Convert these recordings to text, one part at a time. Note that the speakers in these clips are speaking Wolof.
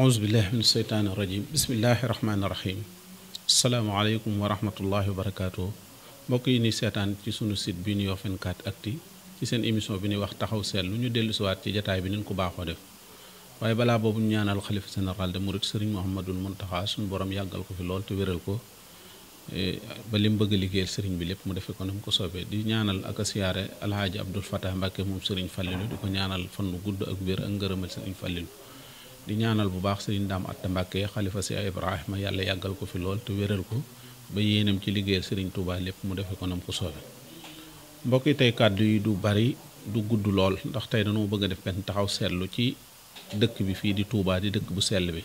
auzu billahi min seytaani rajim bismillahi rahmaani rahim asalaamaaleykum wa rahmatullahi wa barakaatu mbokk yi ni seetaan ci sunu site bi ñuy wax 24 actu ci seen émission bi ñuy wax taxaw lu ñu dellu siwaat ci jataay bi nin ko baaxoo def waaye balaa boobu ñu ñaanal xalifa général de Mouride Serigne Mouhamadul Mountakha suñu borom yàggal ko fi lool te wéral ko eh, ba li mu bëgg a liggéeyal sëriñ bi lépp mu defee ko na ko soobee di ñaanal a siyaare alhaaji Abdul Fatah Mbàkke moom sëriñ Fàllilu di fan lu gudd ak wér ak ngërëmal sëriñ Fàllilu di ñaanal bu baax sëriñ Daam Atta Mbàkke xalifa si Ibrahima yàlla yàggal ko fi lool te wéral ko ba yéenam ci liggéeyal sëriñ Touba lépp mu defe ko nam ko soobe mbokk yi tey kàddu yi du bari du gudd lool ndax tey dañoo bëgg a def benn taxaw seetlu ci dëkk bi fii di Touba di dëkk bu sell bi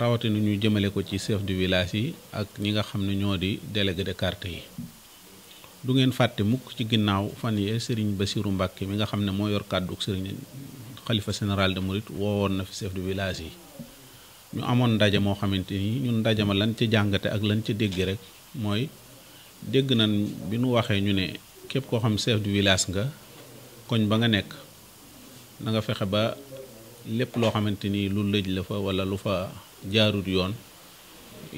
rawatina ñu jëmale ko ci chef de village yi ak ñi nga xam ne ñoo di délégué de quartier yi du ngeen fàtte mukk ci ginnaaw fan yee sëriñ Basiru Mbàkke mi nga xam ne moo yor kàddu sëriñ xalifa général de Mouride woowoon na fi chef de village yi ñu amoon ndaje moo xamante ni ñun ndaje ma lan ci jàngate ak lan ca déggee rek mooy dégg na bi nu waxee ñu ne képp koo xam chef de village nga koñ ba nga nekk na nga fexe ba lépp loo xamante ni lu lëj la fa wala lu fa jaarut yoon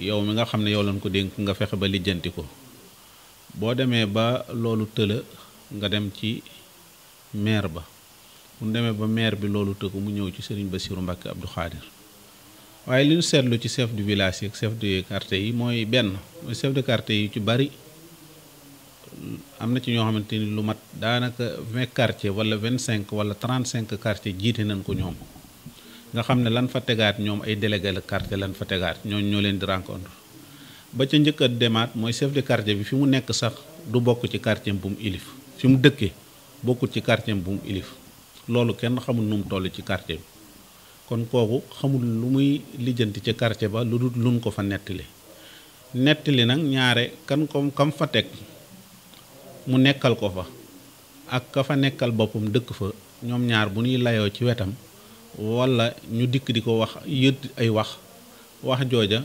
yow mi nga xam ne yow lañ ko dénk nga fexe ba lijjanti ko boo demee ba loolu tëla nga dem ci maire ba bu demee ba maire bi loolu tëkku mu ñëw ci sëriñ basiru Mbacke Abdou Khadir waaye li ñu seetlu ci chef de village yi ak chef de quartier yi mooy benn mooy chef de quartier yi ci bari am na ci ñoo xamante ni lu mat daanaka vingt quartier wala vingt cinq wala trent cinq quartier jiite nañ ko ñoom nga xam ne lan fa tegaat ñoom ay délégué la quartier lan fa tegaat ñooñ ñoo leen di rencontre ba ca njëkk demaat mooy chef de quartier bi fi mu nekk sax du bokk ci quartier bu mu ilif fi mu dëkkee bokkul ci quartier bu mu loolu kenn xamul nu mu ci quartier bi kon kooku xamul lu muy lijjanti ci quartier ba lu dul luñ ko fa nettali nettali nag ñaare kan ko kam fa teg mu nekkal ko fa ak ka fa nekkal boppam dëkk fa ñoom ñaar bu ñuy layoo ci wetam wala ñu dikk di ko wax yët ay wax wax jooja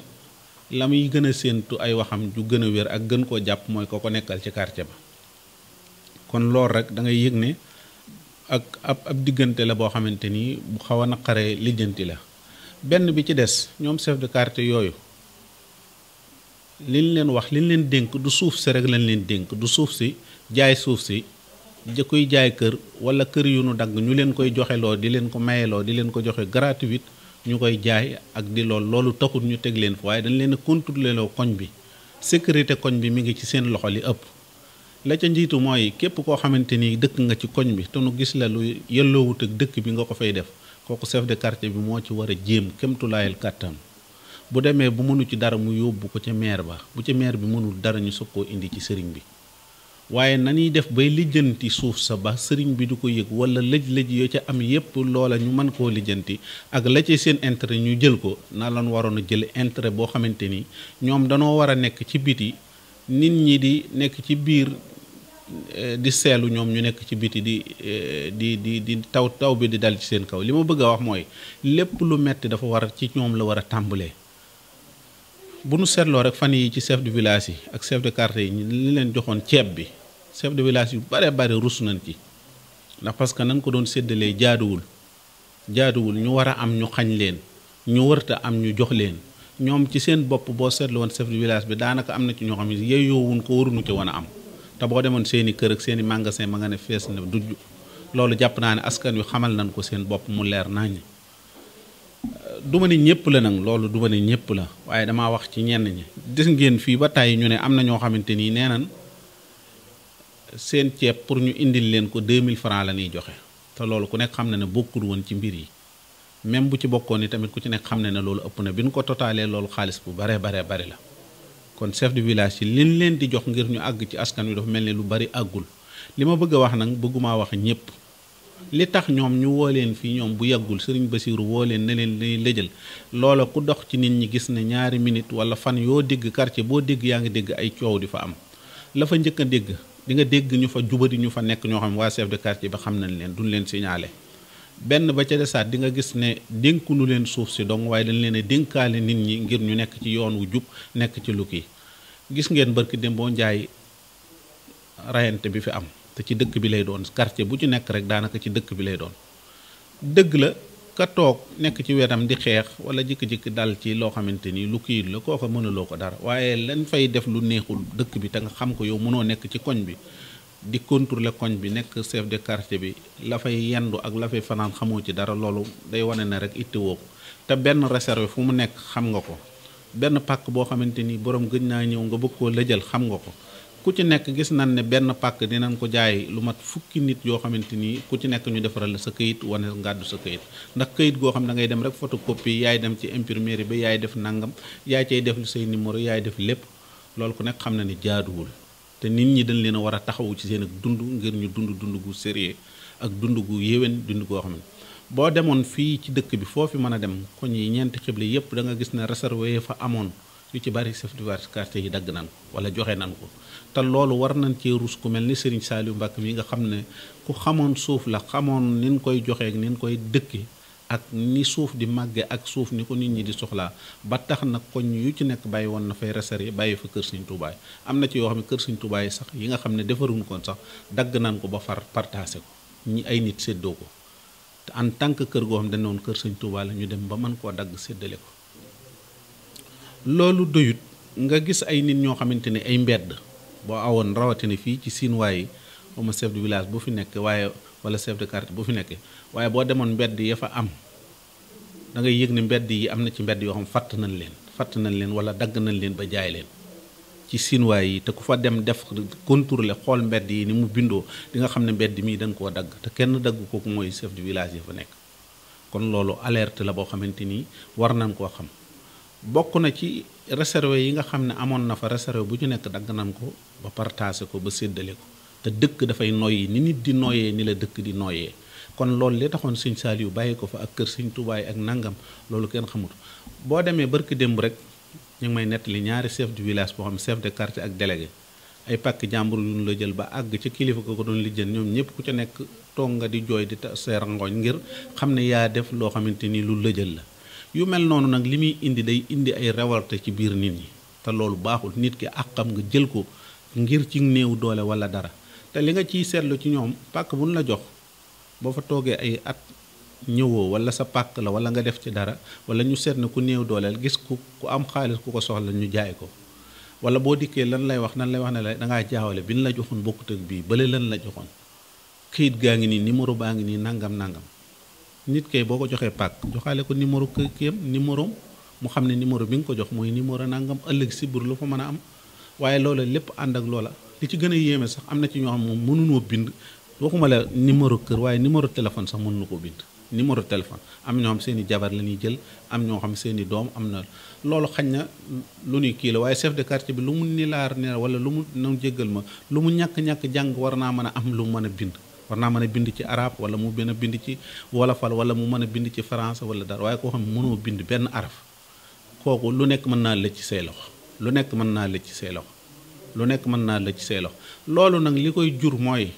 la muy gën a séentu ay waxam ju gën a wér ak gën koo jàpp mooy ko ko nekkal ci quartier ba kon loolu rek da yëg ne ak ab ab diggante la boo xamante ni bu xaw a naqaree lijjanti la benn bi ci des ñoom seef de quartier yooyu liñ leen wax liñ leen dénk du suuf si rek lañ leen dénk du suuf si jaay suuf si ja koy jaay kër wala kër yu nu dagg ñu leen koy joxeloo di leen ko mayeloo di leen ko joxe gratuit ñu koy jaay ak di lool loolu taxut ñu teg leen fa waaye dañ leen a contrôlé loo koñ bi sécurité koñ bi mu ngi ci seen loxo li ëpp la ca njiitu mooy képp koo xamante ni dëkk nga ci koñ bi te nu gis la lu yelloowut ak dëkk bi nga ko fay def kooku chef de quartier bi moo ci war a jéem kémtulaayal kàttan bu demee bu mënu ci dara mu yóbbu ko ca maire ba bu ca maire bi mënul dara ñu soog koo indi ci sëriñ bi waaye nañuy def bay lijjanti suuf sa ba sëriñ bi du ko yëg wala lëj-lëj yoo ca am yépp loola ñu mën koo lijjanti ak la ci seen intérêt ñu jël ko na lan waroon a jël intérêt boo xamante ni ñoom danoo war a nekk ci biti nit ñi di nekk ci biir Eh, di seelu ñoom ñu nekk ci biti di eh, di di di taw taw bi di dal ci seen kaw li ma bëgg a wax mooy lépp lu metti dafa war a ci ñoom la war a tàmbalee bu nu seetloo rek fan yi ci chef de village yi ak chef de quartier yi li leen joxoon ceeb bi chef de village yu bare bare rus nañ ci ndax parce que nañ ko doon séddalee jaaduwul jaaduwul ñu war a am ñu xañ leen ñu wërta am ñu jox leen ñoom ci seen bopp boo seetlu woon chef de village bi daanaka am na ci ñoo xam ne yeyoowuñ ko waruñu ci wan am te boo demoon seen i kër ak seeni i magasin ma nga ne fees na du loolu jàpp naa ne askan wi xamal nañ ko seen bopp mu leer nañ du ma ne ñëpp la nag loolu du ma ne ñëpp la waaye damaa wax ci ñenn ñi des ngeen fii ba tàyyi ñu ne am na ñoo xamante nii nee nañ seen ceeb pour ñu indil leen ko 2000 francs la ñuy joxe te loolu ku nekk xam na ne bokkul woon ci mbir yi même bu ci bokkoon ni tamit ku ci nekk xam na ne loolu ëpp na bi ñu ko totaalee loolu xaalis bu baree baree bari la kon chef de village yi liñ leen di jox ngir ñu àgg ci askan wi dafa mel ni lu bari àggul li ma bëgg a wax nag bëggumaa wax ñëpp li tax ñoom ñu woo leen fii ñoom bu yàggul sëriñ Basiiru woo leen ne leen dañuy lëjal loola ku dox ci nit ñi gis ne ñaari minute wala fan yoo dégg quartier boo dégg yaa ngi dégg ay coow di fa am la fa njëkk dégg di nga dégg ñu fa jubari ñu fa nekk ñoo xam waa chef de quartier ba xam nañ leen du leen signalé benn ba ca desaat di nga gis ne dénkunu leen suuf si dong waaye dañ leen dénkaale nit ñi ngir ñu nekk ci yoon wu jub nekk ci lu kii gis ngeen barki démboo njaay rayante bi fi am te ci dëkk bi lay doon quartier bu ci nekk rek daanaka ci dëkk bi lay doon dëgg la ka toog nekk ci wetam di xeex wala jikki-jikki dal ci loo xamante ni lu kii la ko mënaloo ko dara waaye lañ fay def lu neexul dëkk bi te nga xam ko yow mënoo nekk ci koñ bi di contrôler koñ bi nekk chef de quartier bi lafay fay yendu ak lafay fanaan xamoo ci dara loolu day wane ne rek itti woo ko te benn reserve fu mu nekk xam nga ko benn pàkk boo xamante ni borom gëj naa ñëw nga bëgg koo lëjal xam nga ko ku ci nekk gis nañ ne benn pàkk dinañ ko jaay lu mat fukki nit yoo xamante ni ku ci nekk ñu defaral la sa këyit wane ngàddu sa këyit ndax këyit goo xam ne da ngay dem rek photocopie yaay dem ci imprimerie bi yaay def nangam yaay cay def say numéro yaay def lépp loolu ku nekk xam na ni jaaduwul. te nit ñi dañ leen a war a taxawu ci seen ak dund ngir ñu dund dund gu sérieux ak dund gu yéwén dund koo xam boo demoon fii ci dëkk bi foofi mën a dem koñ yi ñeenti xibli yépp da gis ne réservé yi fa amoon yu ci bari chef de quartier yi dagg nan ko wala joxe nan ko te loolu war nañ cee rus ku mel ni Serigne Saliou Mbacké mi nga xam ne ku xamoon suuf la xamoon nin koy joxeek nin koy dëkki ak ni suuf di màggee ak suuf ni ko nit ñi di soxlaa ba tax na koñ yu ci nekk bàyyi woon na fay resare bàyyi fa kër Serigne Touba am na ci yoo xam ne kër Serigne sax yi nga xam ne defaruñ koon sax dagg naan ko ba far partagé ko ñi ay nit séddoo ko te en tant que kër goo xam ne woon kër Serigne Touba la ñu dem ba mën koo dagg séddale ko loolu doyut nga gis ay nit ñoo xamante ni ay mbedd boo awoon rawatina fii ci Sine waaye xaw ma chef de bu fi nekk waaye. wala chef de quartier bu fi nekkee waaye boo demoon mbedd ya fa am da ngay yëg ne mbedd yi am na ci mbedd yoo xam fàtt nañ leen fàtt nañ leen wala dagg nañ leen ba jaay leen ci sinuwaay yi te ku fa dem def contrôler xool mbedd yi ni mu bindoo di nga xam ne mbedd mii dañ koo dagg te kenn dagg kooku mooy chef de village ya fa nekk kon loolu alerte la boo xamante ni war nañ koo xam bokk na ci réserve yi nga xam ne amoon na fa réserve bu ñu nekk dagg nañ ko ba partagé ko ba séddale ko te dëkk dafay noyyi ni nit di noyee ni la dëkk di noyee kon loolu li taxoon sëñ yu bàyyi ko fa ak kër sëñ Touba ak nangam loolu kenn xamut boo demee barki démb rek ñu ngi may nettali ñaari chef du village boo xam chef de quartier ak délégué ay pàkk jàmbur yu ñu la jël ba àgg ca kilifa ko ko doon lijjën ñoom ñëpp ku ca nekk toog nga di jooy di ngooñ ngir xam ne yaa def loo xamante ni lu jël la yu mel noonu nag li muy indi day indi ay rewalte ci biir nit ñi te loolu baaxul nit ki àqam nga jël ko ngir ci néew doole wala dara te li nga ciy seetlu ci ñoom pàkk buñ la jox boo fa toogee ay at ñëwoo wala sa pàq la wala nga def ci dara wala ñu seet na ku néew dooleel gis ku ku am xaalis ku ko soxla ñu jaay ko wala boo dikkee lan lay wax nan lay wax ne la dangaa jaawale bi nu la joxoon bokkut ak bii bële lan la joxoon kayit gaa ngi nii numéro baa ngi nii nangam nangam nit kay boo ko joxee pàkk joxaale ko numéro kiyam numéro mu xam ne numéro bi nga ko jox mooy numéro nangam ëllëg sibur lu fa mën a am waaye loola lépp ànd ak loola li ci gën a yéeme sax am na ci ñoo xam moom mënuñoo bind waxuma la numéro kër waaye numéro téléphone sax mënuñu ko bind numéro téléphone am ñoo xam seen jabar la ñuy jël am ñoo xam seen i doom am na loolu xañ na lu nuy kii la waaye chef de quartier bi lu mu nilaar ne wala lu mu na jéggal ma lu mu ñàkk-ñàkk jàng war naa mën a am lu mën a bind war naa mën a bind ci araab wala mu mën a bind ci wolofal wala mu mën a bind ci français wala dara waaye koo xam mënoo bind benn araf kooku lu nekk mën naa lëcc say loxo lu nekk mën naa lëcc say loxo lu nekk mën naa la ci seelo loolu nag li koy jur mooy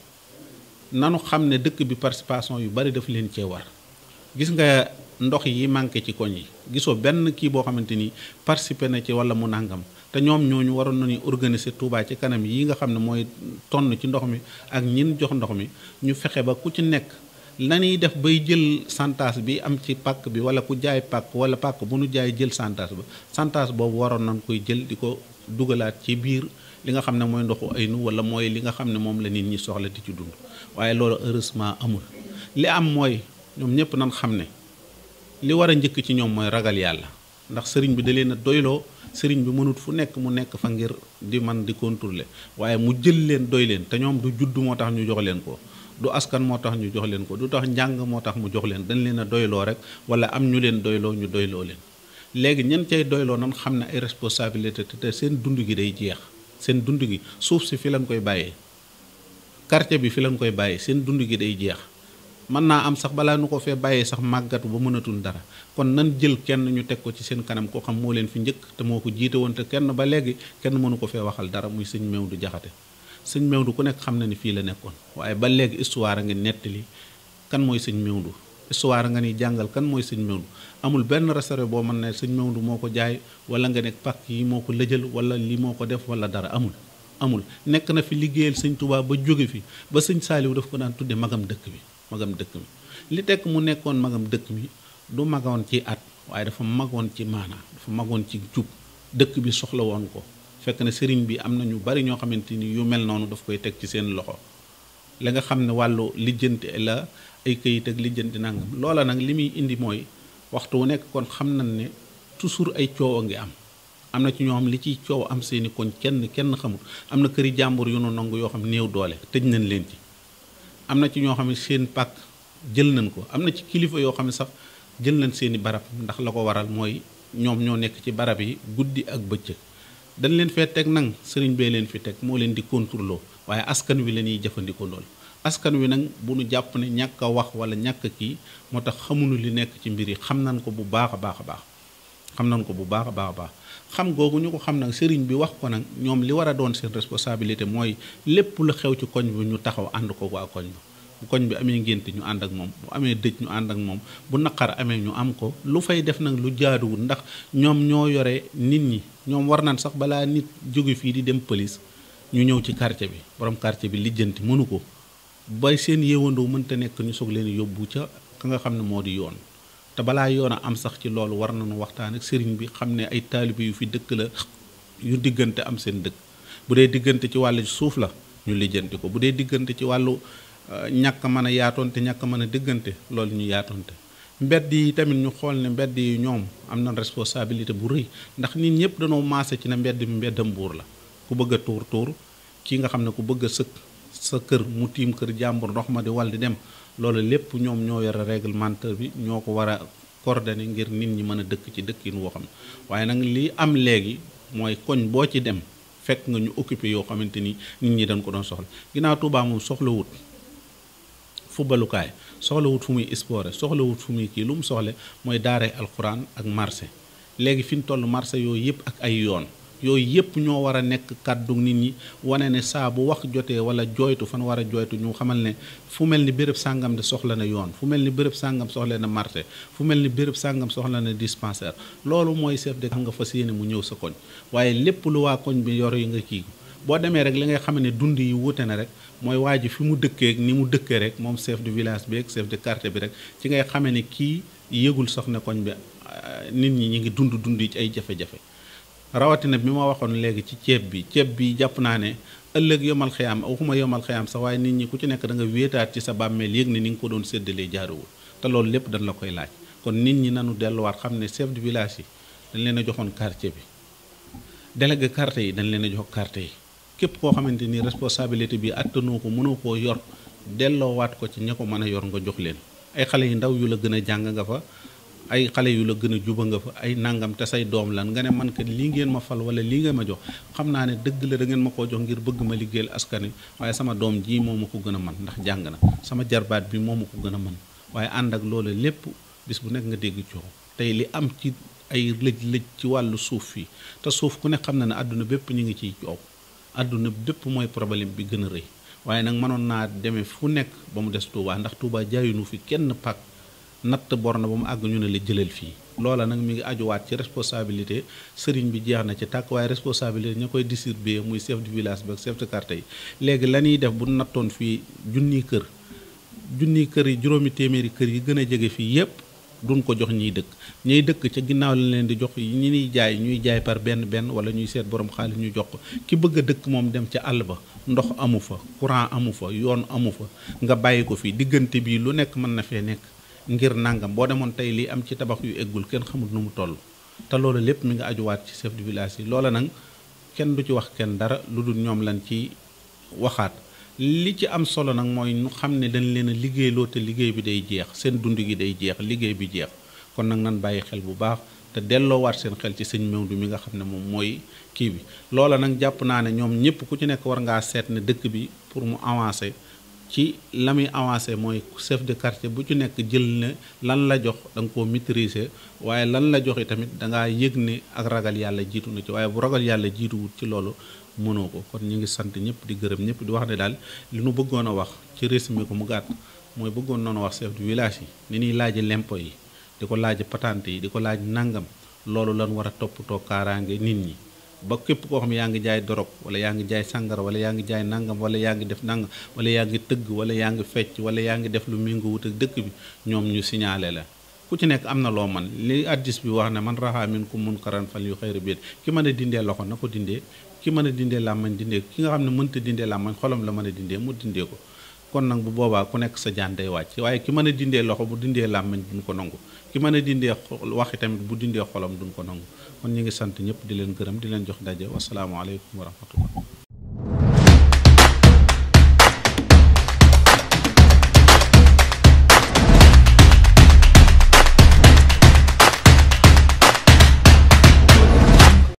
nanu xam ne dëkk bi participation yu bari daf leen cee war gis nga ndox yi manqué ci koñ yi gisoo benn kii boo xamante ni participé na ci wala mu nangam te ñoom ñoo ñu waroon nañu organiser Touba ci kanam yi nga xam ne mooy tonn ci ndox mi ak ñin jox ndox mi ñu fexe ba ku ci nekk lañuy def bay jël santaas bi am ci pàkk bi wala ku jaay pàkk wala pàkk bu nu jaay jël santaas ba santaas boobu waroon nañ koy jël di ko dugalaat ci biir li nga xam ne mooy ndoxu aynu wala mooy li nga xam ne moom la nit ñi soxla di ci dund waaye loolu heureusement amul li am mooy ñoom ñëpp nañ xam ne li war a njëkk ci ñoom mooy ragal yàlla ndax sëriñ bi da leen a doyloo sëriñ bi mënut fu nekk mu nekk fa ngir di man di contrôler waaye mu jël leen doy leen te ñoom du judd moo tax ñu jox leen ko du askan moo tax ñu jox leen ko du tax njàng moo tax mu jox leen dañ leen a doyloo rek wala am ñu leen doyloo ñu doyloo leen léegi ñan cay doyloo nan xam ne ay responsabilité seen dund gi day jeex seen dund gi suuf si fi lañ koy bàyyee quartier bi fi lañ koy bàyyee seen dund gi day jeex mën naa am sax balaa nu ko fee bàyyee sax màggatu ba mënatul dara kon nan jël kenn ñu teg ko ci seen kanam koo xam moo leen fi njëkk te moo ko jiite woon te kenn ba léegi kenn mënu ko fee waxal dara muy sëñ Mewdu Jaxate sëñ Mewdu ku nekk xam na ni fii la nekkoon waaye ba léegi histoire a ngi nettali kan mooy sëñ Mewdu histoire nga ni jàngal kan mooy sëñ Maodo amul benn restaurant boo mën na sëñ Maodo moo ko jaay wala nga ne pàkk yi moo ko lëjal wala li moo ko def wala dara amul amul nekk na fi liggéeyal sëñ tubaab ba jóge fi ba sëñ Saaliw daf ko daan tudde magam dëkk bi magam dëkk bi li tekk mu nekkoon magam dëkk bi du magoon ci at waaye dafa magoon ci maanaa dafa magoon ci jub dëkk bi soxla woon ko fekk na sëriñ bi am na ñu bari ñoo xamante ni yu mel noonu daf koy teg ci seen loxo li nga xam ne wàllu lijjanti la ay kayit ak lijjanti nangam loola nag li muy indi mooy waxtu wu nekk kon xam nañ ne toujours ay coow a ngi am am na ci ñoo xam li ciy coow am seeni koñ kenn kenn xamul am na këri jàmbur yu nu yoo xam néew doole tëj nañ leen ci am na ci ñoo xam ne seen pàkk jël nañ ko am na ci kilifa yoo xam ne sax jël nañ seeni barab ndax la ko waral mooy ñoom ñoo nekk ci barab yi guddi ak bëccëg dañ leen fee teg nang sëriñ bee leen fi teg moo leen di contrôler waaye askan wi la ñuy jëfandikoo lool askan wi nag bu nu jàpp ne ñàkk wax wala ñàkk kii moo tax xamuñu li nekk ci mbir yi xam nañ ko bu baax a baax a baax xam nañ ko bu baax a baax a xam googu ñu ko xam nag sëriñ bi wax ko nag ñoom li war a doon seen responsabilité mooy lépp lu xew ci koñ bi ñu taxaw ànd ko waa koñ bi amee ngénte ñu ànd ak moom mu amee dëj ñu ànd ak moom bu naqar amee ñu am ko lu fay def nag lu jaaduwul ndax ñoom ñoo yore nit ñi ñoom war nañ sax balaa nit jóge fii di dem pëlis ñu ñëw ci quartier bi borom quartier bi lijjanti mënu ko bay seen yéewandoo mënta nekk ñu soog leen yóbbu ca ka nga xam ne moo di yoon te balaa yoon a am sax ci loolu war nañu waxtaan ak sëriñ bi xam ne ay taalibe yu fi dëkk la yu diggante am seen dëkk bu dee diggante ci wàllu suuf la ñu lijjanti ko bu dee diggante ci wàllu euh, ñàkk mën a yaatoonte ñàkk mën a diggante loolu ñu yaatoonte mbedd yi tamit ñu xool ne mbedd yi ñoom am na responsabilité bu rëy ndax nit ñëpp dañoo maase ci ne mbedd mi mbeddam buur la ku bëgg a tuur tuur kii nga xam ne ku bëgg a sëkk sa kër mu tiim kër jàmbur ndox ma di wal di dem loolu lépp ñoom ñoo yore réglementaire bi ñoo ko war a coordonné ngir nit ñi mën a dëkk ci dëkkin yi woo xam ne waaye nag li am léegi mooy koñ boo ci dem fekk nga ñu occupé yoo xamante ni nit ñi dañ ko doon soxla ginnaaw Touba moom soxlawut fubalukaay soxlawut fu muy sport soxlawut fu muy kii lu mu soxle mooy daaree alxuraan ak marché léegi fi ñu toll marché yooyu yëpp ak ay yoon yooyu yëpp ñoo war a nekk kàddu nit ñi wane ne saa bu wax jotee wala jooytu fan war a jooytu ñu xamal ne fu mel ni béréb sàngam soxla na yoon fu mel ni béréb sàngam soxla na marché fu mel ni béréb sàngam soxla na dispensaire loolu mooy chef de nga fas yéene mu ñëw sa koñ waaye lépp lu waa koñ bi yor yi nga kii boo demee rek li ngay xam ne dund yi wuute na rek mooy waa ji fi mu dëkkee ni mu dëkkee rek moom seef de village bi ak chef de quartier bi rek ci ngay xamee ne kii yëgul soxna koñ bi nit ñi ñu ngi dund dund ci ay jafe rawatina bi ma waxoon léegi ci ceeb bi ceeb bi jàpp naa ne ëllëg yomal xiyaam waxuma yomal xiyaam sax waaye nit ñi ku ci nekk da wéetaat ci sa bàmmeel yéeg ne ni nga ko doon séddalee jaaruwul te loolu lépp dañ la koy laaj kon nit ñi nanu delluwaat xam ne chef de village yi dañ leen a joxoon quartier bi délégué quartier yi dañ leen a jox quartier yi képp koo xamante ni responsabilité bi attanoo ko mënu koo yor delloowaat ko ci ña ko mën a yor nga jox leen ay xale yu ndaw yu la gën a jàng nga fa ay xale yu la gën a juba nga fa ay nangam te say doom lan nga ne man kat lii ngeen ma fal wala lii ngeen ma jox xam naa ne dëgg la da ngeen ma koo jox ngir bëgg ma liggéeyal askan wi waaye sama doom ji moo ma ko gën a man ndax jàng na sama jarbaat bi moo ma ko gën a man waaye ànd ak loole lépp bis bu nekk nga dégg coow tey li am ci ay lëj-lëj ci wàllu suuf fii te suuf ku ne xam na ne àdduna bépp ñu ngi ciy coow àdduna bépp mooy problème bi gën a rëy waaye nag mënoon naa demee fu nekk ba mu des Touba ndax Touba jaayunu fi kenn pàkk natt borne ba mu àgg ñu ne la jëlal fii loola nag mi ngi ajuwaat ci responsabilité sëriñ bi jeex na ci tàkk waaye responsabilité ña koy distribuer muy chef de village bi ak chef de yi léegi la ñuy def bu nattoon fii junniy kër junniy kër yi juróomi téeméeri kër yi gën a jege fii yépp duñ ko jox ñiy dëkk ñuy dëkk ca ginnaaw lañ leen di jox ñi ñuy jaay ñuy jaay par benn benn wala ñuy seet borom xaalis ñu jox ko ki bëgg a dëkk moom dem ca àll ba ndox amu fa courant amu fa yoon amu fa nga bàyyi ko fii diggante bii lu nekk mën na fee nekk ngir nangam boo demoon tey lii am ci tabax yu eggul kenn xamul nu mu toll te loolu lépp mi nga ajuwaat ci chef de village yi loola nag kenn du ci wax kenn dara lu dul ñoom lan ci waxaat li ci am solo nag mooy ñu xam ne dañ leen a liggéeyloo te liggéey bi day jeex seen dund gi day jeex liggéey bi jeex kon nag nan bàyyi xel bu baax te delloowaat seen xel ci sëñ Maodo mi nga xam ne moom mooy kii bi loola nag jàpp naa ne ñoom ñëpp ku ci nekk war ngaa seet ne dëkk bi pour mu avancer ci la muy mooy chef de quartier bu ci nekk jël ne lan la jox danga ko koo waaye lan la jox tamit da ngaa yëg ne ak ragal yàlla jiitu na ci waaye bu ragal yàlla jiituwut ci loolu mënoo ko kon ñu ngi sant ñëpp di gërëm ñëpp di wax ne daal li nu bëggoon a wax ci résumé ko mu gàtt mooy bëggoon noonu wax chef du village yi ni ñuy laaj lempo yi di ko laaj patant yi di ko laaj nangam loolu lan war a toppatoo kaaraange nit ñi ba képp koo xam yaa ngi jaay dorog wala yaa ngi jaay sàngara wala yaa ngi jaay nangam wala yaa ngi def nangam wala yaa ngi tëgg wala yaa ngi fecc wala yaa ngi def lu méngoo wut ak dëkk bi ñoom ñu signalé la ku ci nekk am na loo man li addis bi wax ne man raxaa min ku mun karan fal yu xëyri biir ki mën a dindee loxo na ko dindee ki mën a dindee làmmañ dindee ki nga xam ne mënta dindee làmmañ xolam la mën a dindee mu dindee ko kon nag bu boobaa ku nekk sa jaan day wàcc waaye ki mën a dindee loxo bu dindee làmmiñ duñ ko nangu ki mën a dindee waxi tamit bu dindee xolom duñ ko nangu kon ñu ngi sant ñëpp di leen gërëm di leen jox daje wasalaamaaleykum wa rahmatullah